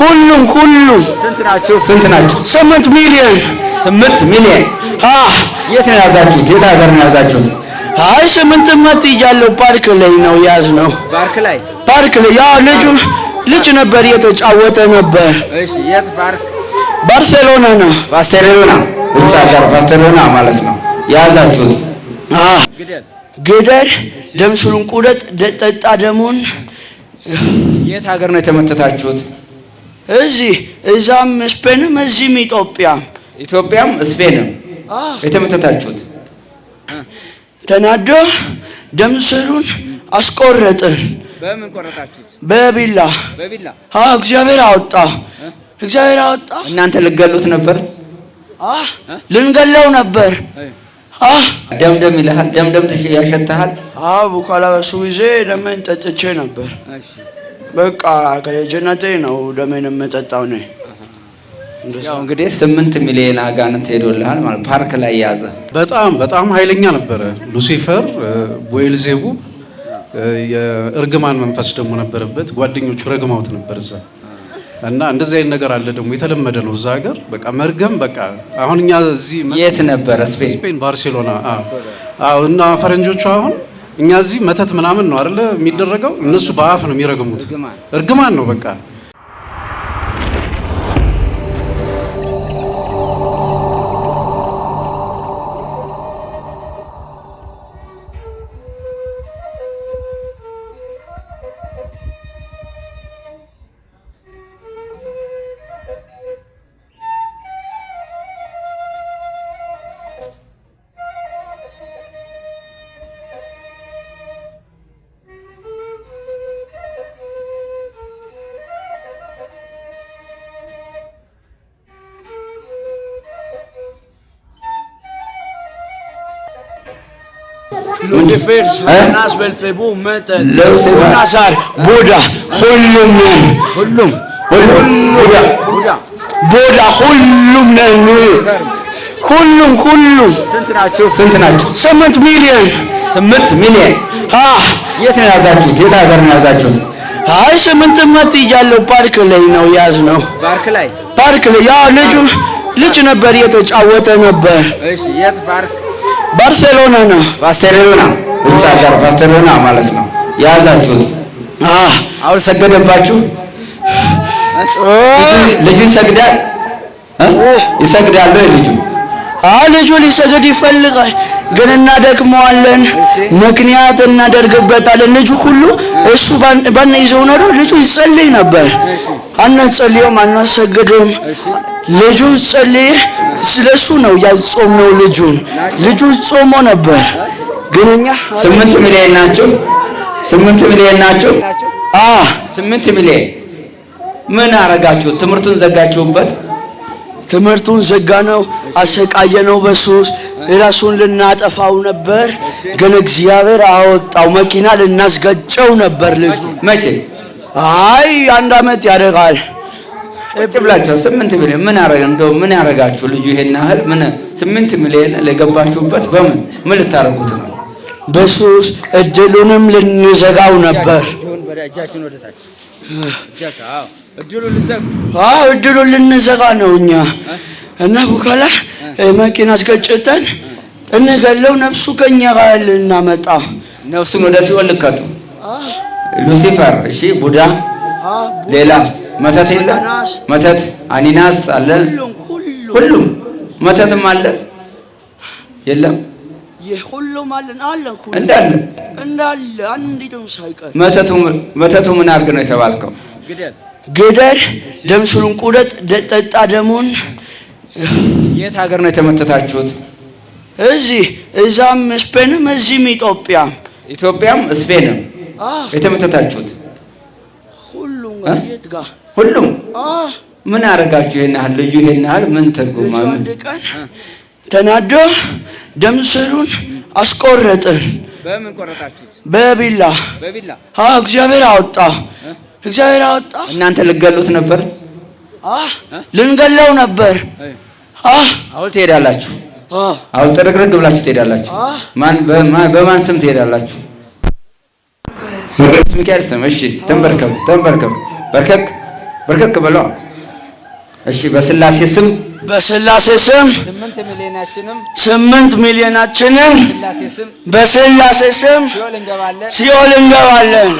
ሁሉም ሁሉም ስንት ናቸው? ስንት ናቸው? ስምንት ሚሊዮን ስምንት ሚሊዮን። የት ነው ያዛችሁት? የት ሀገር ነው ያዛችሁት? አይ ስምንት መት እያለሁ ፓርክ ላይ ነው ያዝ ነው። ፓርክ ላይ ፓርክ ላይ ያ ልጁ ልጅ ነበር እየተጫወተ ነበር። እሺ የት ፓርክ? ባርሴሎና ነው። ባርሴሎና ውጭ ሀገር ባርሴሎና ማለት ነው ያዛችሁት። ግደል ግደል፣ ደምስሉን ቁረጥ፣ ጠጣ ደሙን የት ሀገር ነው የተመተታችሁት? እዚህ እዛም ስፔንም እዚህም ኢትዮጵያም ኢትዮጵያም ስፔንም የተመተታችሁት። ተናዶ ደም ስሩን አስቆረጥን። በምን ቆረጣችሁት? በቢላ በቢላ። አዎ እግዚአብሔር አወጣ፣ እግዚአብሔር አወጣ። እናንተ ልገሉት ነበር፣ ልንገለው ነበር። ደምደም ይልሃል፣ ደምደም ያሸትሃል። አዎ በኋላ በሱ ጊዜ ደምን ጠጥቼ ነበር። በቃ ነው ደሜን የምጠጣው ነ እንግዲህ ስምንት ሚሊዮን አጋንንት ሄዶልሃል ማለት ፓርክ ላይ በጣም በጣም ነበረ። ሉሲፈር ቦኤልዜቡ የእርግማን መንፈስ ደግሞ ነበረበት። ጓደኞቹ ረግማውት ነበር እዛ እና እንደዚህ አይነት ነገር አለ ደግሞ የተለመደ ነው እዛ ሀገር በቃ መርገም በቃ አሁን እኛ እዚህ የት ነበረ ስፔን ባርሴሎና እና ፈረንጆቹ አሁን እኛ እዚህ መተት ምናምን ነው አይደለ የሚደረገው፣ እነሱ በአፍ ነው የሚረግሙት። እርግማን ነው በቃ። ለውናሳር ቡዳ ሁሉም ነን ሁሉም ቡዳ ሁሉም ነን ሁሉም ሁሉም ስንት ናቸው? ስንት ናቸው? ስምንት ሚሊዮን ስምንት ሚሊዮን የት ነው የያዛችሁት? የት ሀገር ነው የያዛችሁት? አይ ስምንት መት እያለው ፓርክ ላይ ነው ያዝ ነው ፓርክ ላይ ፓርክ ላይ ያ ልጁ ልጅ ነበር እየተጫወተ ነበር። እሺ የት ፓርክ ባርሴሎና ነው። ባርሴሎና ውጭ ሀገር ባርሴሎና ማለት ነው። ያዛችሁት። አሁን ሰገደባችሁ። ልጁ ይሰግዳል፣ ይሰግዳል። ልጁ ልጁ ሊሰግድ ይፈልጋል ግን እናደክመዋለን፣ ምክንያት እናደርግበታለን። ልጁ ሁሉ እሱ ይዘው ኖሮ ልጁ ይጸልይ ነበር። አናጸልየውም፣ አናሰግድም። ልጁ ጸልይ ስለሱ ነው ያጾመው ልጁን ልጁ ጾሞ ነበር። ግን እኛ ስምንት ሚሊዮን ናቸው፣ ስምንት ሚሊዮን ናቸው። አ ስምንት ሚሊዮን ምን አረጋችሁ? ትምህርቱን ዘጋችሁበት። ትምህርቱን ዘጋ ነው፣ አሰቃየ ነው በሶስት ራሱን ልናጠፋው ነበር፣ ግን እግዚአብሔር አወጣው። መኪና ልናስገጨው ነበር ልጁ። መቼ? አይ አንድ አመት ያደርጋል። ቁጭ ብላችሁ ስምንት ሚሊዮን ምን አረጋ? እንደው ምን ያረጋችሁ ልጁ? ይሄን ያህል ምን ስምንት ሚሊዮን ለገባችሁበት በምን ምን ልታረጉት ነው? በሱስ እድሉንም ልንዘጋው ነበር። አዎ እድሉን ልንዘጋ ነው እኛ እና ሁካላ መኪና አስገጭተን እንገለው ነፍሱ ከኛ ጋር ልናመጣ ነፍሱን ወደ ሲኦል ልከቱ። ሉሲፈር፣ እሺ፣ ቡዳ፣ ሌላ መተት የለ መተት አኒናስ አለ፣ ሁሉም መተትም አለ የለም እንዳለ መተቱ ምን አድርግ ነው የተባልከው? ግደል ግደል፣ ደም ቁረጥ፣ ጠጣ ደሙን የት ሀገር ነው የተመተታችሁት? እዚህ እዛም ስፔንም እዚህም ኢትዮጵያም ኢትዮጵያም ስፔንም የተመተታችሁት ሁሉም የት ጋር ሁሉም ምን አደረጋችሁ? ይሄን ያህል ልጁ ይሄን ያህል ምን ትርጉም አንድ ቀን ተናዶ ደም ስሩን አስቆረጥን። በምን ቆረጣችሁት? በቢላ በቢላ። አዎ እግዚአብሔር አወጣ፣ እግዚአብሔር አወጣ። እናንተ ልገሉት ነበር፣ አህ ልንገለው ነበር አሁን ትሄዳላችሁ። አሁን ጥርግርግ ብላችሁ ትሄዳላችሁ። ማን በማን ስም ትሄዳላችሁ? በቅዱስ ሚካኤል ስም። እሺ፣ ተንበርከክ ተንበርከክ፣ በርከክ በርከክ በለው። እሺ፣ በስላሴ ስም በስላሴ ስም ስምንት ሚሊዮናችንም በስላሴ ስም ሲኦል እንገባለን።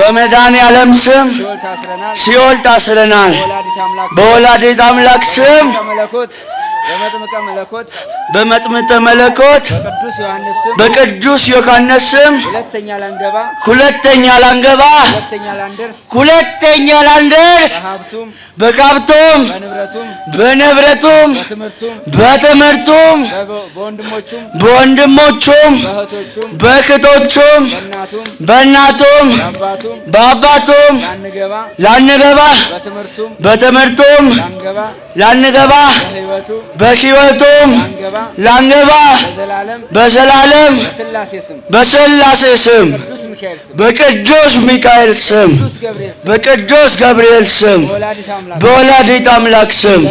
በመድኃኔ ዓለም ስም ሲኦል ታስረናል። በወላዲት አምላክ ስም በመጥምቀ መለኮት በቅዱስ ዮሐንስ ስም ሁለተኛ ላንገባ ሁለተኛ ላንደርስ በሀብቱም በንብረቱም በትምህርቱም በወንድሞቹም በእህቶቹም በእናቱም በአባቱም ላንገባ በትምህርቱም ላንገባ በሕይወቱም ላንገባ በዘላለም በስላሴ ስም በቅዱስ ሚካኤል ስም በቅዱስ ገብርኤል ስም በወላዲት አምላክ ስም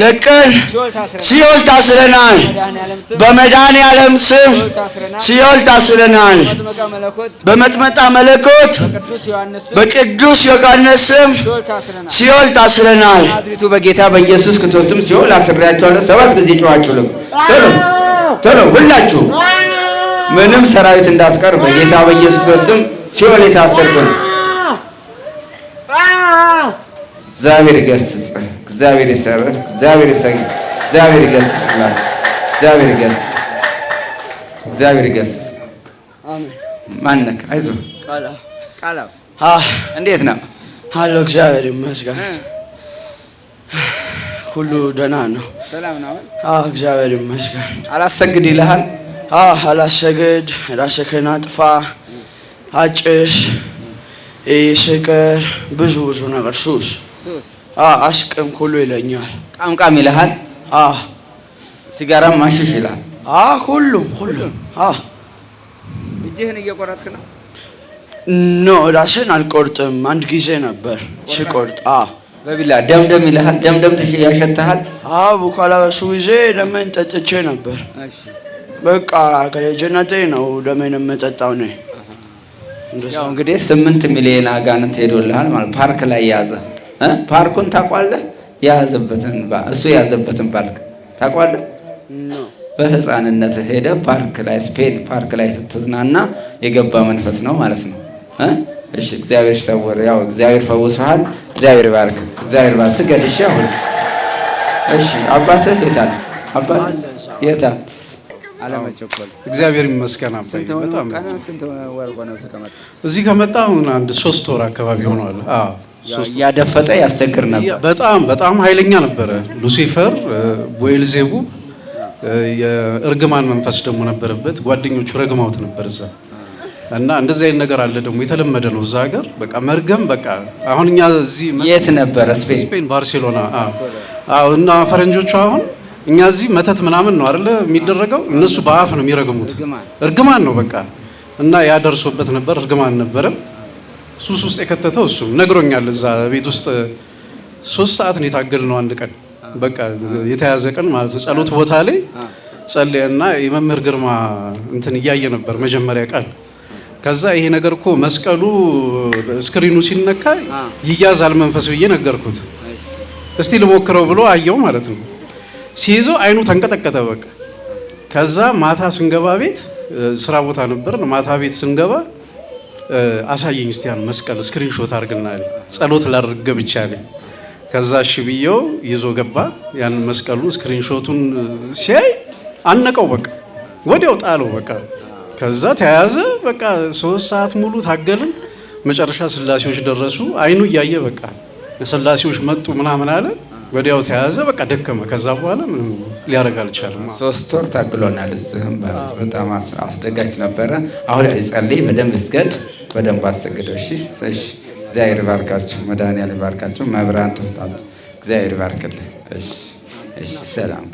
ለቀን ሲኦል ታስረናል። በመድኃኔ ዓለም ስም ሲኦል ታስረናል። በመጥመጣ መለኮት በቅዱስ ዮሐንስ ስም ሲኦል ታስረናል። ናዝሪቱ በጌታ በኢየሱስ ክርስቶስም ሲኦል አስሬያቸዋለሁ። ሰባት ጊዜ ጨዋችሁልም። ቶሎ ቶሎ ሁላችሁ ምንም ሰራዊት እንዳትቀር በጌታ በኢየሱስ ክርስቶስም ሲኦል የታሰርኩ ነው። እግዚአብሔር ገስጽ እግዚአብሔር ይሰርህ፣ እግዚአብሔር ይሰግድ፣ እግዚአብሔር ይገስጽላችሁ፣ እግዚአብሔር ይገስጽ፣ እግዚአብሔር ይገስጽ። ማነክ አይዞህ፣ እንዴት ነው አሎ? እግዚአብሔር ይመስገን፣ ሁሉ ደህና ነው። እግዚአብሔር ይመስገን። አላሰግድ ይልሃል። አላሰግድ፣ ራስህን አጥፋ፣ አጭስ፣ ስቅር፣ ብዙ ብዙ ነገር ሱስ አሽቅም ኩሉ ይለኛል። ቃምቃም ይልሃል። ሲጋራም ማሽሽ ይላል። ሁሉም ሁሉም እጅህን እየቆረጥክ ነው? ኖ ራስን አልቆርጥም። አንድ ጊዜ ነበር ሲቆርጥ በቢላ ደምደም ይልሃል። ደምደም ያሸትሃል። በኋላ በሱ ጊዜ ደሜን ጠጥቼ ነበር። በቃ ከልጅነቴ ነው ደሜን የምጠጣው ነ እንግዲህ ስምንት ሚሊዮን አጋንንት ሄዶልሃል ማለት ፓርክ ላይ ያዘ ፓርኩን ታውቋለህ? የያዘበትን እሱ የያዘበትን ፓርክ ታቋለ በህፃንነት ሄደ ፓርክ ላይ ስፔን ፓርክ ላይ ስትዝናና የገባ መንፈስ ነው ማለት ነው። እሺ እግዚአብሔር ሰውር ያው እግዚአብሔር ፈውሶሃል። እግዚአብሔር ባርክ። እግዚአብሔር ባርክ። ስገድ። አሁን እሺ፣ አባትህ የታል? አባትህ የታል? እግዚአብሔር ይመስገን። አባይ በጣም እዚህ ከመጣ አሁን አንድ ሶስት ወር አካባቢ ሆኗል። አዎ እያደፈጠ ያስቸግር ነበር። በጣም በጣም ኃይለኛ ነበረ። ሉሲፈር ቦኤልዜቡ የእርግማን መንፈስ ደግሞ ነበረበት። ጓደኞቹ ረግማውት ነበር እዛ እና እንደዚህ አይነት ነገር አለ ደግሞ የተለመደ ነው እዛ ሀገር። በቃ መርገም በቃ አሁን እኛ እዚህ የት ነበረ? ስፔን ባርሴሎና። አዎ። እና ፈረንጆቹ አሁን እኛ እዚህ መተት ምናምን ነው አይደለ የሚደረገው፣ እነሱ በአፍ ነው የሚረግሙት። እርግማን ነው በቃ። እና ያደርሶበት ነበር። እርግማን ነበረም። ሱስ ውስጥ የከተተው እሱ ነግሮኛል። እዛ ቤት ውስጥ ሶስት ሰዓት ነው የታገልነው። አንድ ቀን በቃ የተያዘ ቀን ማለት ነው። ጸሎት ቦታ ላይ ጸለየና የመምህር ግርማ እንትን እያየ ነበር መጀመሪያ ቃል። ከዛ ይሄ ነገር እኮ መስቀሉ ስክሪኑ ሲነካ ይያዛል መንፈስ ብዬ ነገርኩት። እስቲ ልሞክረው ብሎ አየው ማለት ነው። ሲይዘው አይኑ ተንቀጠቀጠ። በቃ ከዛ ማታ ስንገባ ቤት ስራ ቦታ ነበር። ማታ ቤት ስንገባ አሳየኝ እስቲ ያን መስቀል ስክሪንሾት አድርግና አለኝ። ጸሎት ላድርግ ብቻ አለኝ። ከዛ እሺ ብዬው ይዞ ገባ። ያን መስቀሉን ስክሪንሾቱን ሲያይ አነቀው። በቃ ወዲያው ጣለው። በቃ ከዛ ተያያዘ። በቃ ሶስት ሰዓት ሙሉ ታገልን። መጨረሻ ስላሴዎች ደረሱ። አይኑ እያየ በቃ ስላሴዎች መጡ ምናምን አለ። ወዲያው ተያዘ። በቃ ደከመ። ከዛ በኋላ ምንም ሊያደርግ አልቻለም። ሶስት ወር ታግሎናል። እዚህም በጣም አስደጋች ነበረ። አሁን ጸልይ በደንብ እስገድ በደንብ አሰግደው። እሺ እሺ። እግዚአብሔር ይባርካችሁ፣ መድኃኒዓለም ይባርካችሁ፣ መብራን ትፍታችሁ። እግዚአብሔር ይባርክልህ። እሺ እሺ። ሰላም